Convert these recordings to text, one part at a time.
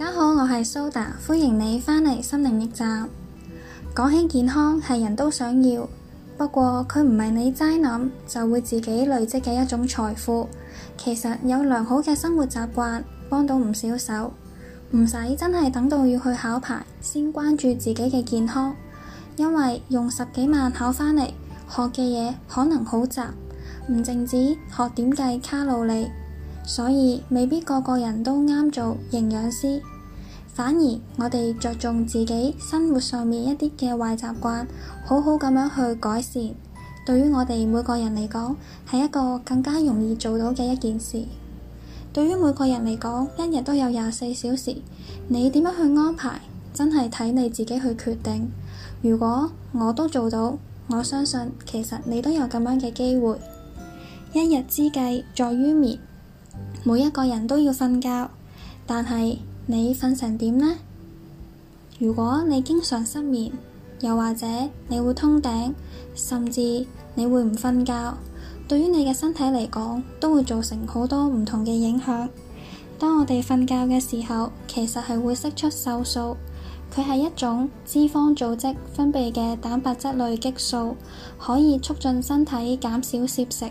大家好，我係蘇打，歡迎你返嚟心靈驛站。講起健康，係人都想要，不過佢唔係你齋諗就會自己累積嘅一種財富。其實有良好嘅生活習慣，幫到唔少手，唔使真係等到要去考牌先關注自己嘅健康，因為用十幾萬考返嚟學嘅嘢，可能好雜，唔淨止學點計卡路里。所以未必個個人都啱做營養師，反而我哋着重自己生活上面一啲嘅壞習慣，好好咁樣去改善。對於我哋每個人嚟講，係一個更加容易做到嘅一件事。對於每個人嚟講，一日都有廿四小時，你點樣去安排，真係睇你自己去決定。如果我都做到，我相信其實你都有咁樣嘅機會。一日之計在於眠。每一個人都要瞓覺，但係你瞓成點呢？如果你經常失眠，又或者你會通頂，甚至你會唔瞓覺，對於你嘅身體嚟講，都會造成好多唔同嘅影響。當我哋瞓覺嘅時候，其實係會釋出瘦素，佢係一種脂肪組織分泌嘅蛋白質類激素，可以促進身體減少攝食，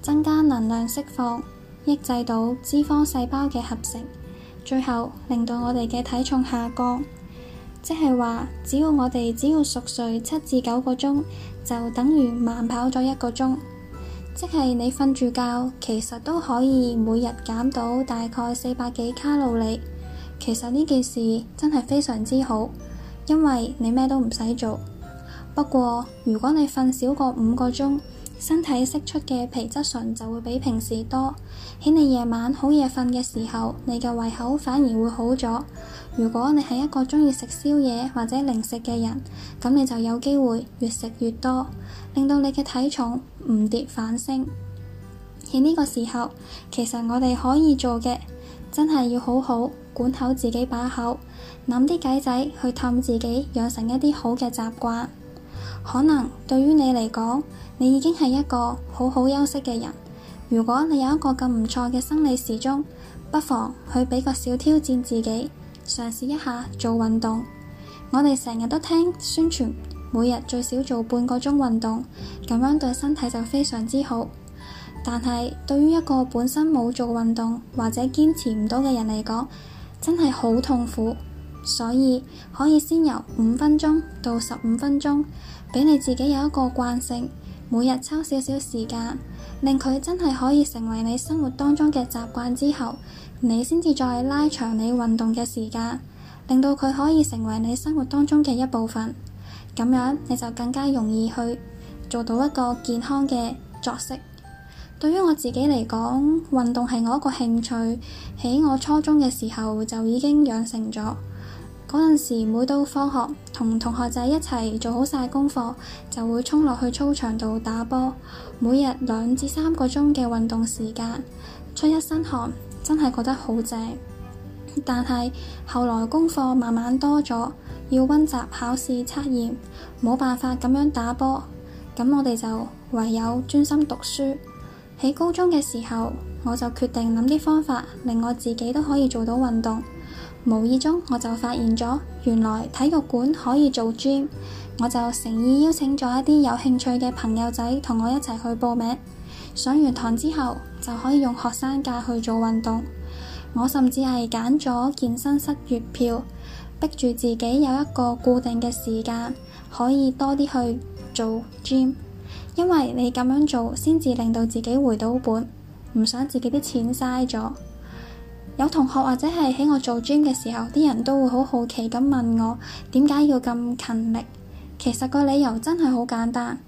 增加能量釋放。抑制到脂肪細胞嘅合成，最後令到我哋嘅體重下降。即係話，只要我哋只要熟睡七至九個鐘，就等於慢跑咗一個鐘。即係你瞓住覺，其實都可以每日減到大概四百幾卡路里。其實呢件事真係非常之好，因為你咩都唔使做。不過如果你瞓少過五個鐘，身體釋出嘅皮質醇就會比平時多，喺你夜晚好夜瞓嘅時候，你嘅胃口反而會好咗。如果你係一個鍾意食宵夜或者零食嘅人，咁你就有機會越食越多，令到你嘅體重唔跌反升。喺呢個時候，其實我哋可以做嘅，真係要好好管好自己把口，諗啲計仔去氹自己，養成一啲好嘅習慣。可能對於你嚟講，你已經係一個好好休息嘅人。如果你有一個咁唔錯嘅生理時鐘，不妨去畀個小挑戰自己，嘗試一下做運動。我哋成日都聽宣傳，每日最少做半個鐘運動，咁樣對身體就非常之好。但係對於一個本身冇做運動，或者堅持唔到嘅人嚟講，真係好痛苦。所以可以先由五分鐘到十五分鐘，畀你自己有一個慣性。每日抽少少時間，令佢真係可以成為你生活當中嘅習慣之後，你先至再拉長你運動嘅時間，令到佢可以成為你生活當中嘅一部分。咁樣你就更加容易去做到一個健康嘅作息。對於我自己嚟講，運動係我一個興趣，喺我初中嘅時候就已經養成咗。嗰陣時，每到放學，同同學仔一齊做好晒功課，就會衝落去操場度打波。每日兩至三個鐘嘅運動時間，出一身汗，真係覺得好正。但係後來功課慢慢多咗，要溫習、考試、測驗，冇辦法咁樣打波，咁我哋就唯有專心讀書。喺高中嘅時候，我就決定諗啲方法，令我自己都可以做到運動。無意中我就發現咗，原來體育館可以做 gym，我就誠意邀請咗一啲有興趣嘅朋友仔同我一齊去報名。上完堂之後就可以用學生價去做運動。我甚至係揀咗健身室月票，逼住自己有一個固定嘅時間，可以多啲去做 gym。因為你咁樣做先至令到自己回到本，唔想自己啲錢嘥咗。有同學或者係喺我做 gym 嘅時候，啲人都會好好奇咁問我點解要咁勤力。其實個理由真係好簡單，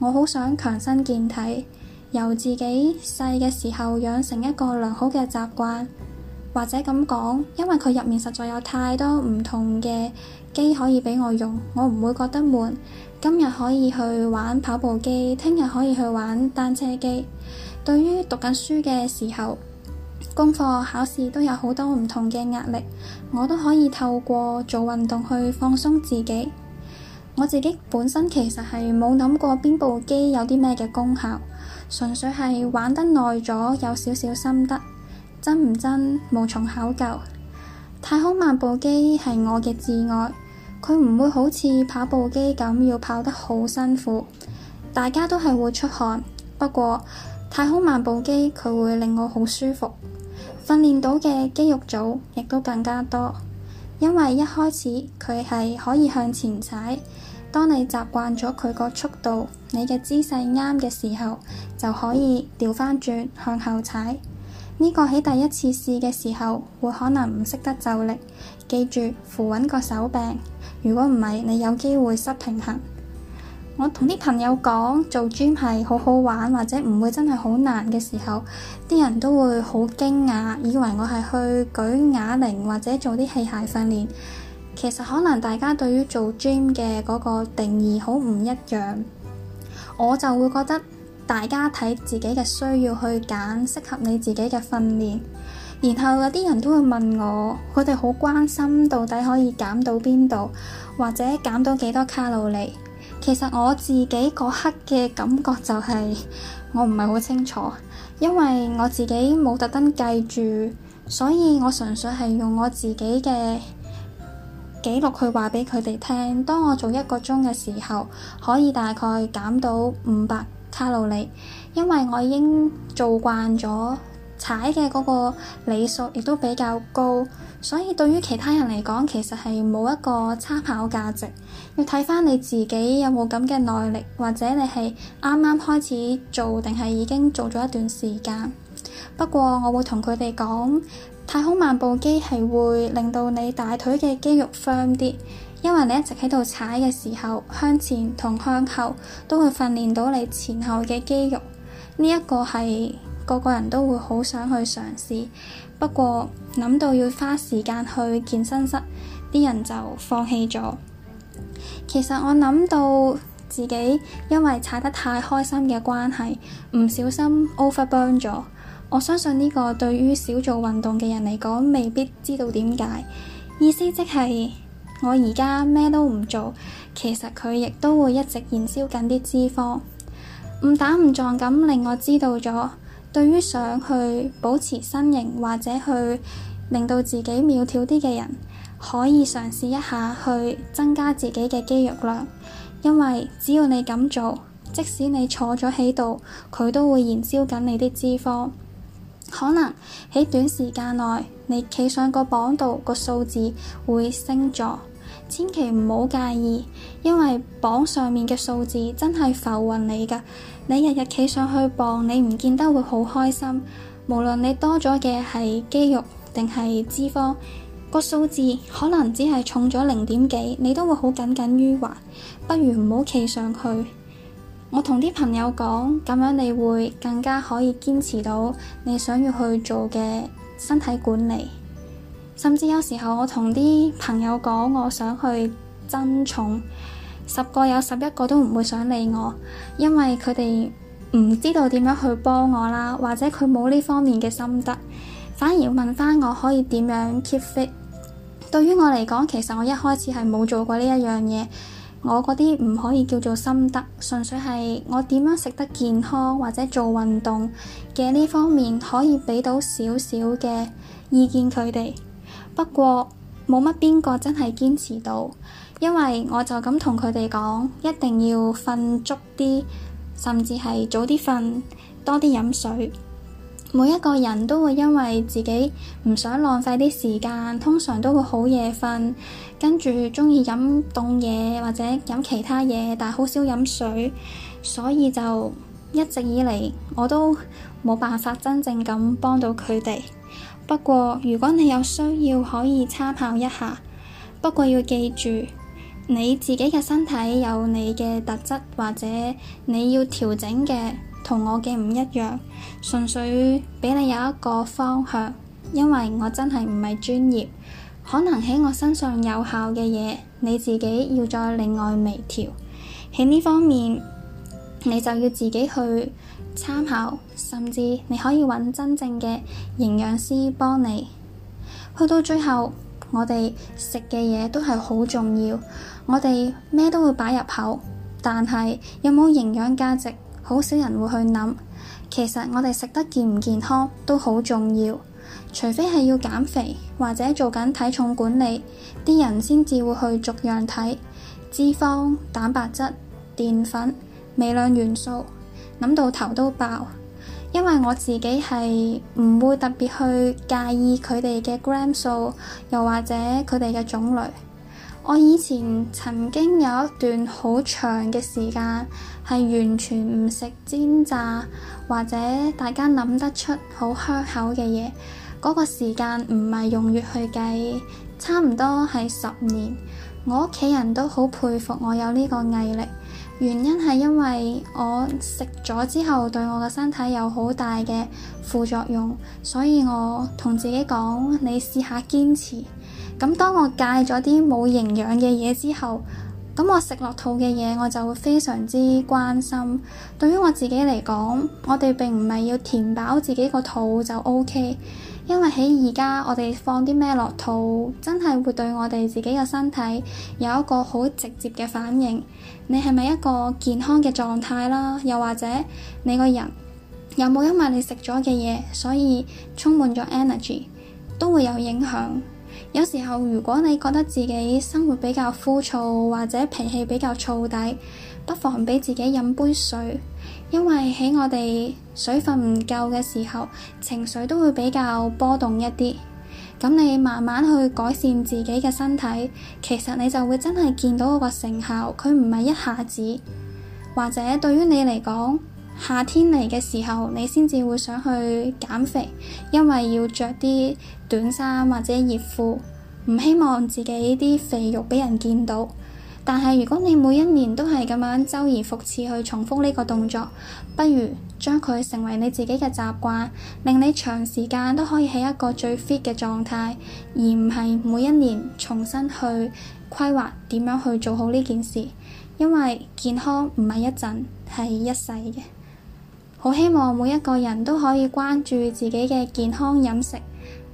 我好想強身健體，由自己細嘅時候養成一個良好嘅習慣。或者咁講，因為佢入面實在有太多唔同嘅機可以畀我用，我唔會覺得悶。今日可以去玩跑步機，聽日可以去玩單車機。對於讀緊書嘅時候，功課、考試都有好多唔同嘅壓力，我都可以透過做運動去放鬆自己。我自己本身其實係冇諗過邊部機有啲咩嘅功效，純粹係玩得耐咗，有少少心得。真唔真，無從考究。太空漫步機係我嘅摯愛，佢唔會好似跑步機咁要跑得好辛苦，大家都係會出汗。不過，太空漫步機佢會令我好舒服。訓練到嘅肌肉組亦都更加多，因為一開始佢係可以向前踩，當你習慣咗佢個速度，你嘅姿勢啱嘅時候，就可以調翻轉向後踩。呢個喺第一次試嘅時候，會可能唔識得就力，記住扶穩個手柄，如果唔係，你有機會失平衡。我同啲朋友講做 gym 係好好玩，或者唔會真係好難嘅時候，啲人都會好驚訝，以為我係去舉啞鈴或者做啲器械訓練。其實可能大家對於做 gym 嘅嗰個定義好唔一樣，我就會覺得大家睇自己嘅需要去揀適合你自己嘅訓練。然後有啲人都會問我，佢哋好關心到底可以減到邊度，或者減到幾多卡路里。其實我自己嗰刻嘅感覺就係，我唔係好清楚，因為我自己冇特登計住，所以我純粹係用我自己嘅記錄去話畀佢哋聽。當我做一個鐘嘅時候，可以大概減到五百卡路里，因為我已經做慣咗。踩嘅嗰個理數亦都比較高，所以對於其他人嚟講其實，係冇一個參考價值。要睇翻你自己有冇咁嘅耐力，或者你係啱啱開始做定係已經做咗一段時間。不過我會同佢哋講，太空漫步機係會令到你大腿嘅肌肉訓啲，因為你一直喺度踩嘅時候，向前同向後都會訓練到你前後嘅肌肉。呢一個係。個個人都會好想去嘗試，不過諗到要花時間去健身室，啲人就放棄咗。其實我諗到自己因為踩得太開心嘅關係，唔小心 over burn 咗。我相信呢個對於少做運動嘅人嚟講，未必知道點解。意思即係我而家咩都唔做，其實佢亦都會一直燃燒緊啲脂肪，誤打誤撞咁令我知道咗。對於想去保持身形，或者去令到自己苗條啲嘅人，可以嘗試一下去增加自己嘅肌肉量，因為只要你咁做，即使你坐咗喺度，佢都會燃燒緊你啲脂肪。可能喺短時間內，你企上個磅度個數字會升咗。千祈唔好介意，因為磅上面嘅數字真係浮雲嚟噶。你日日企上去磅，你唔見得會好開心。無論你多咗嘅係肌肉定係脂肪，個數字可能只係重咗零點幾，你都會好耿耿於懷。不如唔好企上去。我同啲朋友講，咁樣你會更加可以堅持到你想要去做嘅身體管理。甚至有時候，我同啲朋友講，我想去增重，十個有十一個都唔會想理我，因為佢哋唔知道點樣去幫我啦，或者佢冇呢方面嘅心得，反而問翻我可以點樣 keep fit。對於我嚟講，其實我一開始係冇做過呢一樣嘢，我嗰啲唔可以叫做心得，純粹係我點樣食得健康或者做運動嘅呢方面，可以畀到少少嘅意見佢哋。不過冇乜邊個真係堅持到，因為我就咁同佢哋講，一定要瞓足啲，甚至係早啲瞓，多啲飲水。每一個人都會因為自己唔想浪費啲時間，通常都會好夜瞓，跟住鍾意飲凍嘢或者飲其他嘢，但係好少飲水，所以就一直以嚟我都冇辦法真正咁幫到佢哋。不過，如果你有需要，可以參考一下。不過要記住，你自己嘅身體有你嘅特質，或者你要調整嘅同我嘅唔一樣。純粹畀你有一個方向，因為我真係唔係專業，可能喺我身上有效嘅嘢，你自己要再另外微調。喺呢方面，你就要自己去參考，甚至你可以揾真正嘅營養師幫你。去到最後，我哋食嘅嘢都係好重要，我哋咩都會擺入口，但係有冇營養價值，好少人會去諗。其實我哋食得健唔健康都好重要，除非係要減肥或者做緊體重管理，啲人先至會去逐樣睇脂肪、蛋白質、澱粉、微量元素。諗到頭都爆，因為我自己係唔會特別去介意佢哋嘅 gram 數，又或者佢哋嘅種類。我以前曾經有一段好長嘅時間係完全唔食煎炸，或者大家諗得出好香口嘅嘢。嗰個時間唔係用月去計，差唔多係十年。我屋企人都好佩服我有呢個毅力。原因係因為我食咗之後對我嘅身體有好大嘅副作用，所以我同自己講：你試下堅持。咁當我戒咗啲冇營養嘅嘢之後，咁我食落肚嘅嘢我就非常之關心。對於我自己嚟講，我哋並唔係要填飽自己個肚就 OK。因為喺而家，我哋放啲咩落肚，真係會對我哋自己嘅身體有一個好直接嘅反應。你係咪一個健康嘅狀態啦？又或者你個人有冇因為你食咗嘅嘢，所以充滿咗 energy，都會有影響。有時候如果你覺得自己生活比較枯燥，或者脾氣比較燥底，不妨俾自己飲杯水。因為喺我哋水分唔夠嘅時候，情緒都會比較波動一啲。咁你慢慢去改善自己嘅身體，其實你就會真係見到個成效。佢唔係一下子，或者對於你嚟講，夏天嚟嘅時候，你先至會想去減肥，因為要着啲短衫或者熱褲，唔希望自己啲肥肉畀人見到。但係如果你每一年都係咁樣周而復始去重複呢個動作，不如將佢成為你自己嘅習慣，令你長時間都可以喺一個最 fit 嘅狀態，而唔係每一年重新去規劃點樣去做好呢件事。因為健康唔係一陣，係一世嘅。好希望每一個人都可以關注自己嘅健康飲食，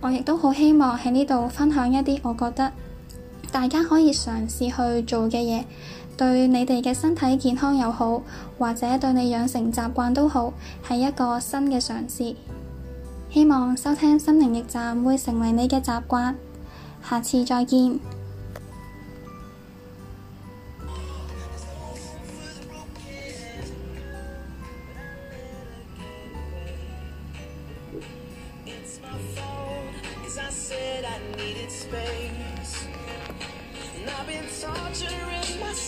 我亦都好希望喺呢度分享一啲我覺得。大家可以嘗試去做嘅嘢，對你哋嘅身體健康又好，或者對你養成習慣都好，係一個新嘅嘗試。希望收聽心靈驛站會成為你嘅習慣。下次再見。